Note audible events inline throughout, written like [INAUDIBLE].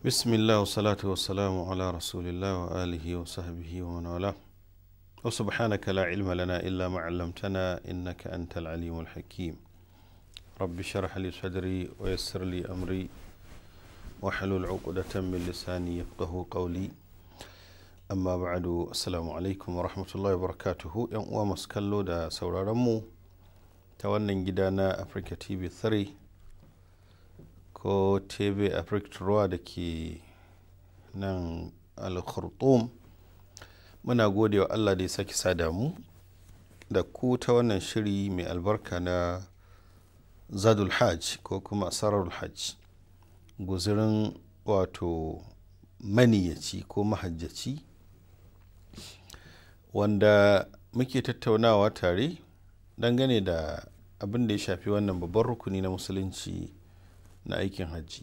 bismillah wasalatu wasalamu ala rasulillah wa alihi wa sahbihi wa man wala wa subhanaka la ilma lana illa ma 'allamtana innaka ka'anta alimul hakim rabbi sharh li sadri wa yassir li amri wa halul 'uqdatan min lisani yafqahu qawli amma ba'du assalamu alaikum wa rahmatullahi wa barakatuhu yan uwa masu kallo da sauraron mu ta wannan gida na Africa TV 3 ko tv africa ruwa da ke nan alkhurtum muna gode wa allah da ya saki sada mu da ku ta wannan shiri mai albarka na zadul hajj ko kuma sararul hajj guzirin wato maniyaci ko mahajjaci wanda muke tattaunawa tare dangane da abin da ya shafi wannan babban rukuni na musulunci na aikin hajji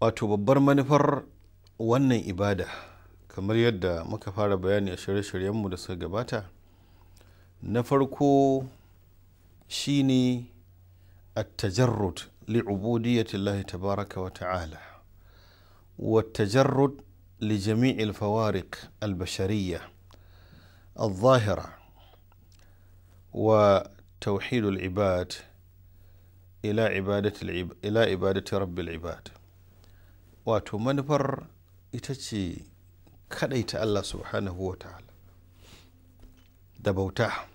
wato babbar manufar wannan ibada kamar yadda muka fara bayani a shirye-shiryenmu da suka gabata na farko shine التجرد لعبودية الله تبارك وتعالى والتجرد لجميع الفوارق البشرية الظاهرة وتوحيد العباد ila ibadati rabbil ibad wato manufar ita ce ta Allah subhanahu wa ta'ala da bauta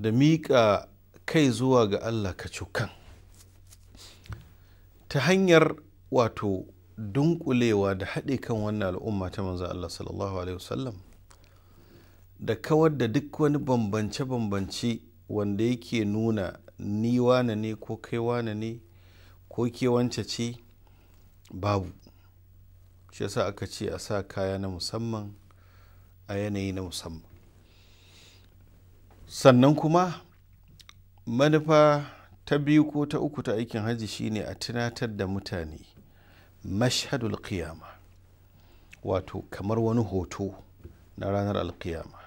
da miƙa kai zuwa ga Allah ka cukan ta hanyar wato dunkulewa da haɗe kan wannan al'umma ta manzo Allah sallallahu alaihi wasallam da kawar da duk wani bambance-bambance wanda yake nuna ni wane ne ko kai wane ne ko ke wance ce babu shi yasa aka ce a sa kaya na musamman a yanayi na musamman sannan kuma manufa ta biyu ko ta uku ta aikin hajji shine a tunatar da mutane mashhadul qiyama wato kamar wani hoto na ranar alkiyama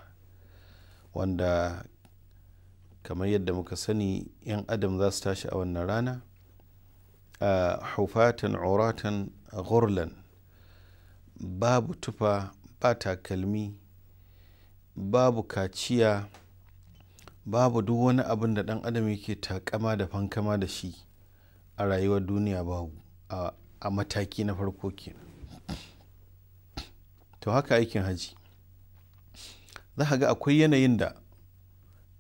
wanda kamar yadda muka sani 'yan adam za su tashi a wannan rana a haufatan auratan gurlan babu tufa ba takalmi babu kaciya babu duk wani abin da dan adam yake takama da fankama da shi a rayuwar duniya babu a mataki na farko ke. to haka aikin haji za ga akwai yanayin da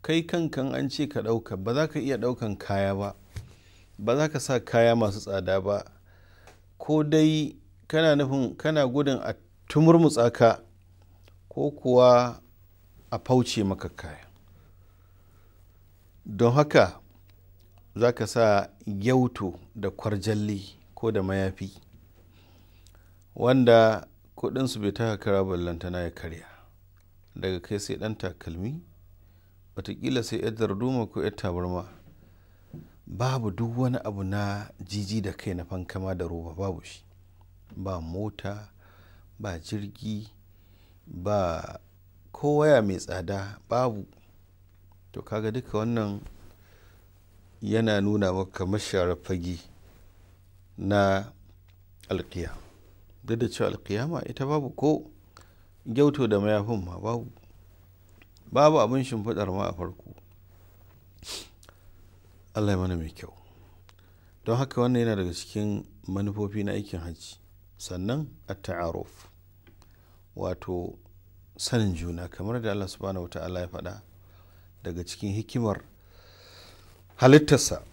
kai kankan an ce ka ɗauka ba za ka iya ɗaukan kaya ba ba za ka sa kaya masu tsada ba ko dai kana nufin kana gudun a tumurmutsa ka ko kuwa a fauce maka kaya don haka za ka sa gyauto da kwarjalli ko da mayafi wanda kudinsu bai taka kara ballantana ya karya daga kai sai ɗan takalmi watakila sai yar darduma ko yar tabarma babu duk wani abu na jiji da kai na fankama da roba babu shi ba mota ba jirgi ba kowaya mai tsada babu to kaga duka wannan yana nuna maka mashara fage na alkiya duk da cewa alkiyama ita babu ko gyauto da mayafin ma babu babu abin shimfiɗar ma a farko allah mana mai kyau don haka wannan yana daga cikin manufofi na aikin hajji sannan a ta'aruf wato sanin juna kamar da allah subhanahu wa ta'ala ya faɗa daga cikin hikimar halittarsa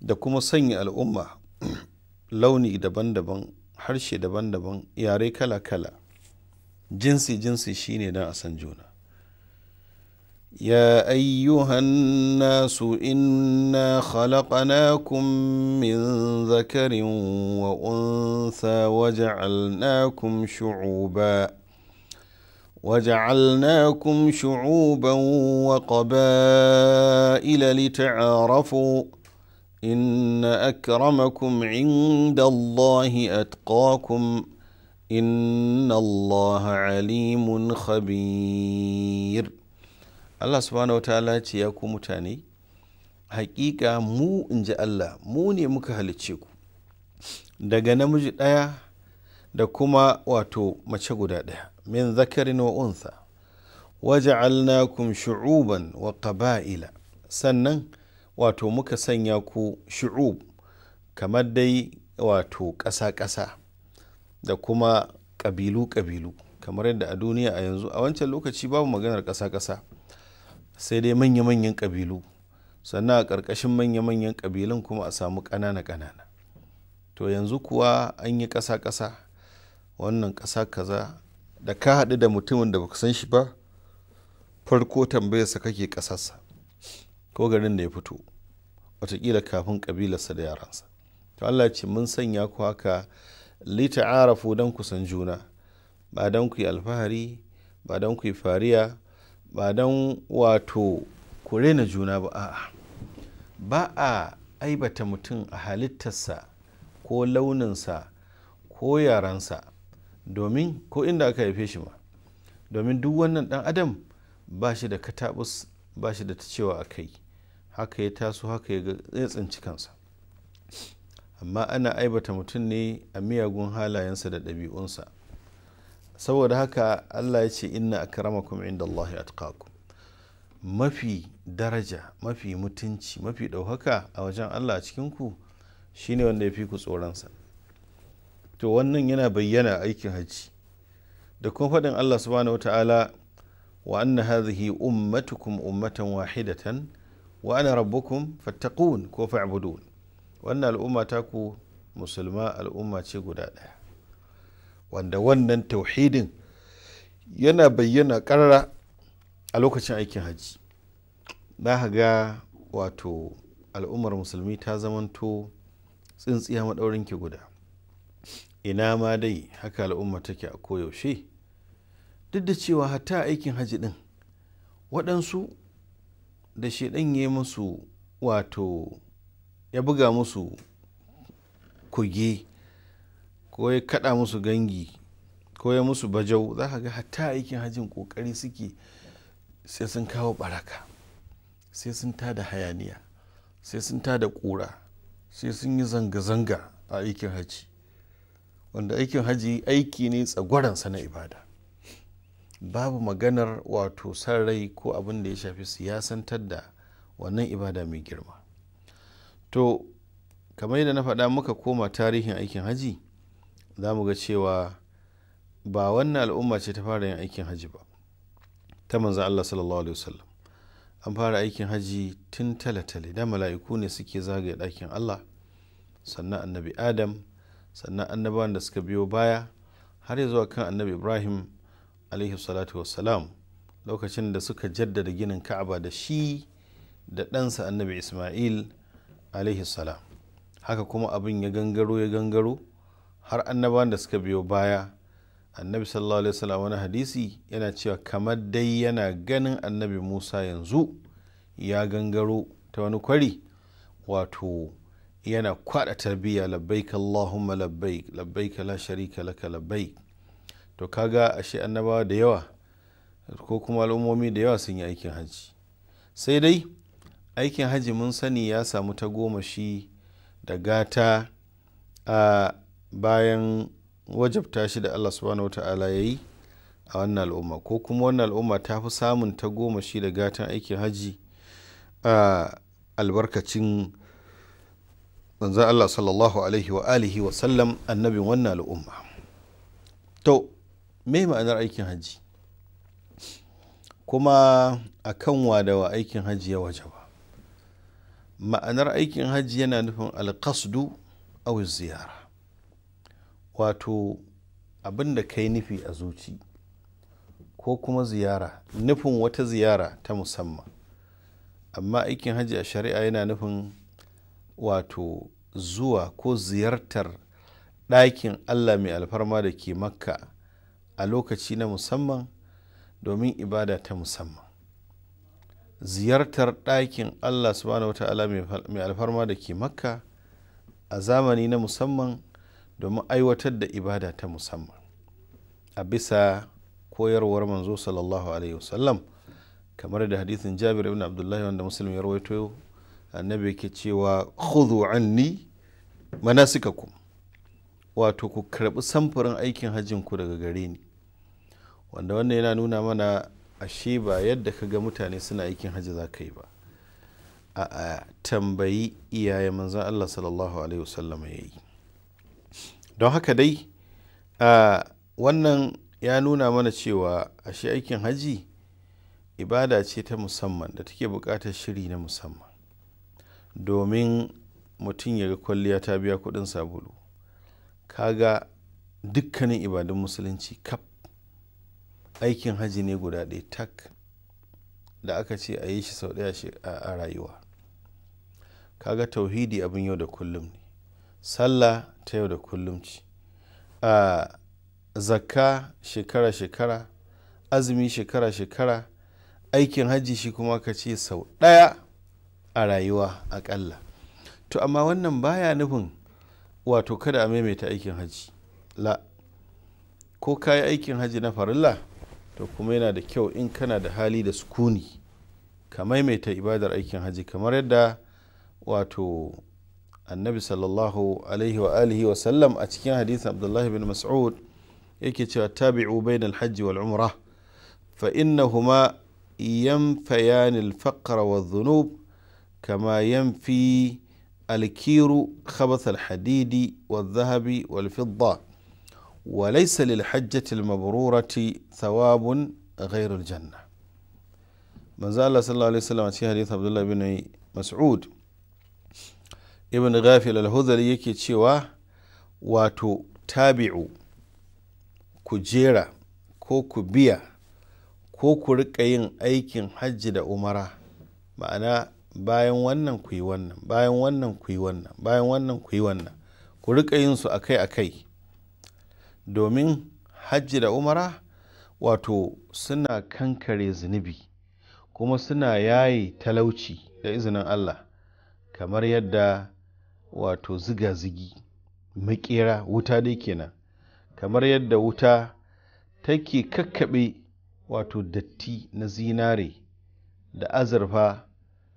da kuma sanya al'umma [CLEARS THROAT] launi daban-daban harshe daban-daban yare kala-kala jinsi-jinsi shine don a san juna يا ايها الناس انا خلقناكم من ذكر وانثى وجعلناكم شعوبا وجعلناكم شعوبا وقبائل لتعارفوا ان اكرمكم عند الله اتقاكم ان الله عليم خبير allah subhanahu wataala ce ya ku mutane hakika mu in ji allah mu ne muka halicce ku daga namiji ɗaya da kuma wato mace guda ɗaya min zakarin wa unsa alnakun shu'uban wa ƙaba'ila sannan wato muka sanya ku shu'ub kamar dai wato ƙasa-ƙasa da kuma ƙabilu-ƙabilu kamar yadda a duniya a yanzu a wancan lokaci babu maganar ƙasa-ƙasa sai dai manya-manyan ƙabilu sannan a ƙarƙashin manya-manyan ƙabilun kuma a samu ƙanana-ƙanana to yanzu kuwa an yi ƙasa-ƙasa wannan ƙasa kaza da ka haɗu da mutumin da baka san shi ba farko tambayarsa kake ƙasarsa ko garin da ya fito watakila kafin ƙabilarsa da yaransa to Allah ce mun sanya ku haka lita'arafu don ku san juna ba don ku yi alfahari ba don ku yi fariya ba don wato kore na juna ba a'a ba a aibata mutum a halittarsa ko launinsa ko yaransa domin ko inda aka haife shi ma domin duk wannan dan adam ba shi da katabus ba shi da ta cewa a kai haka ya taso haka ya tsinci kansa amma ana aibata mutum ne a miyagun halayensa da ɗabi'unsa saboda haka allah ya ce inna akramakum inda Allah ya mafi daraja mafi mutunci mafi ɗauhaka a wajen allah a cikinku shine wanda ya fi ku tsoronsa to wannan yana bayyana aikin hajji da kuma faɗin allah subhanahu wata'ala wa anna hadhihi ummatukum ummatan wahidatan wa ana rabbukum fattaqun ko fa'budun wannan al'umma ta ku musulma al'umma ce guda ɗaya wanda wannan tauhidin yana bayyana karara a lokacin aikin hajji na ga wato al'ummar musulmi ta zamanto tsintsiya maɗaurin ki guda ina ma dai haka al'umma take a koyaushe duk da cewa hatta aikin hajji ɗin waɗansu da ɗan ya musu wato ya buga musu kuge ko ya kaɗa musu gangi ko ya musu bajau za ka ga hatta aikin hajjin kokari suke sai sun kawo baraka sai sun ta da hayaniya sai sun tada ƙura sai sun yi zanga-zanga a aikin hajji wanda aikin hajji aiki ne tsagwaransa na ibada babu maganar wato san rai ko abin da ya shafi siyasantar da wannan ibada mai girma to kamar yadda na faɗa muka koma tarihin aikin hajji za mu ga cewa ba wannan al'umma ce ta fara yin aikin haji ba ta manzan Allah sallallahu alaihi wasallam an fara aikin haji tun talatale da mala'iku ne suke zagaye ɗakin Allah sannan annabi Adam sannan annabawan da suka biyo baya har ya zuwa kan annabi Ibrahim alaihi salatu wassalam lokacin da suka jaddada ginin Ka'aba da shi da ɗansa annabi Ismail alaihi salam haka kuma abin ya gangaro ya gangaro har annabawan da suka biyo baya annabi sallallahu alaihi wasallam wani hadisi yana cewa kamar dai yana ganin annabi musa yanzu ya gangaro ta wani kwari wato yana kwada tarbiyya labbaik allahumma labbaik labbaik la sharika laka labbaik to kaga ashe annabawa da yawa ko kuma al'ummomi da yawa sun yi aikin haji sai dai aikin haji mun sani ya samu ta goma shi da gata a bayan wajabta shi da allah subhanahu wata'ala ya yi a wannan al'umma ko kuma wannan al'umma ta fi samun ta goma shi da gatan aikin haji a albarkacin manzan allah sallallahu alaihi wa alihi wa sallam annabin wannan al'umma to me ma'anar aikin haji kuma a kan wadawa aikin haji ya wajaba ma'anar aikin haji yana nufin alkasdu a ziyara wato abinda da yi nufi a zuci ko kuma ziyara nufin wata ziyara ta musamman amma aikin hajji a shari'a yana nufin wato zuwa ko ziyartar ɗakin allah mai alfarma da ke makka a lokaci na musamman domin ibada ta musamman ziyartar ɗakin allah subhanahu wa ta'ala mai alfarma da ke makka a zamani na musamman domin aiwatar da ibada ta musamman a bisa koyarwar manzo sallallahu alaihi wasallam kamar da hadithin jabir ibn abdullahi wanda musulmi ya rawaito annabi yake cewa khudhu anni manasikakum wato ku karbi samfurin aikin hajjin ku daga gare ni wanda wannan yana nuna mana ashe ba yadda ka ga mutane suna aikin hajji za ka yi ba a tambayi iyaye manzan allah sallallahu alaihi wasallam ya yi don haka dai wannan ya nuna mana cewa ashe aikin hajji ibada ce ta musamman da take buƙatar shiri na musamman domin mutum ya ga kwalliya ta biya kuɗin sabulu kaga dukkanin ibadun musulunci kaf aikin hajji ne guda ɗaya tak da aka ce a yi shi sau ɗaya a rayuwa kaga tauhidi abin yau da kullum ne sallah ta yau da kullum ci zakka shekara-shekara azumi shekara-shekara aikin hajji shi kuma ka ce sau ɗaya a rayuwa aƙalla to amma wannan baya nufin wato kada a maimaita aikin hajji la ko ka yi aikin hajji na farilla to kuma yana da kyau in kana da hali da sukuni ka maimaita ibadar aikin hajji kamar yadda wato النبي صلى الله عليه وآله وسلم sallam حديث عبد الله بن مسعود يكي yake بين الحج والعمرة فإنهما ينفيان الفقر والذنوب كما ينفي الكير خبث الحديد والذهب والفضة وليس للحجة المبرورة ثواب غير الجنة من زال الله صلى الله عليه وسلم في حديث عبد الله بن مسعود ibn ghafil al-huzali yake cewa wato tabi'u ku jera ko ku biya ko ku riƙa yin aikin hajji da umara ma'ana bayan wannan ku yi wannan bayan wannan ku yi wannan bayan wannan ku yi wannan ku riƙa yin su akai-akai domin hajji da umara wato suna kankare zunubi kuma suna yaye talauci da izinin Allah kamar yadda wato ziga-zigi makera wuta dai kenan kamar yadda wuta take kakkaɓe wato datti na zinare da azurfa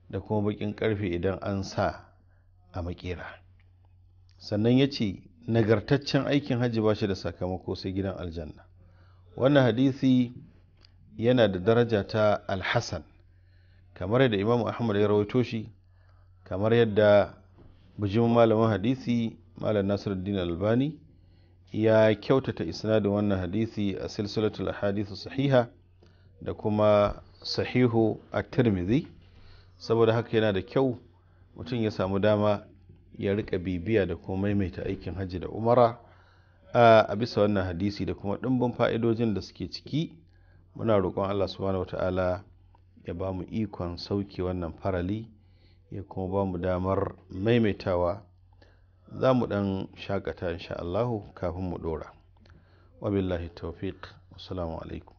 da kuma bakin karfe idan an sa a makera sannan ya ce nagartaccen aikin hajji ba shi da sakamako sai gidan aljanna wannan hadisi yana da daraja ta alhassan kamar yadda imam ahmad ya rawaito shi kamar yadda bijimin malamin hadisi malam nasiruddin albani ya kyautata isnadin wannan hadisi a silsilatul hadisu sahiha da kuma sahihu a tirmidhi saboda haka yana da kyau mutum ya samu dama ya rika bibiya da kuma maimaita aikin hajji da umara a bisa wannan hadisi da kuma ɗimbin fa'idojin da suke ciki muna roƙon allah subhanahu wa ta'ala ya ba mu ikon sauke wannan farali ya kuma ba mu damar maimaitawa za mu ɗan shaƙata insha'allahu kafin mu ɗora. billahi taufiq. Assalamu alaikum.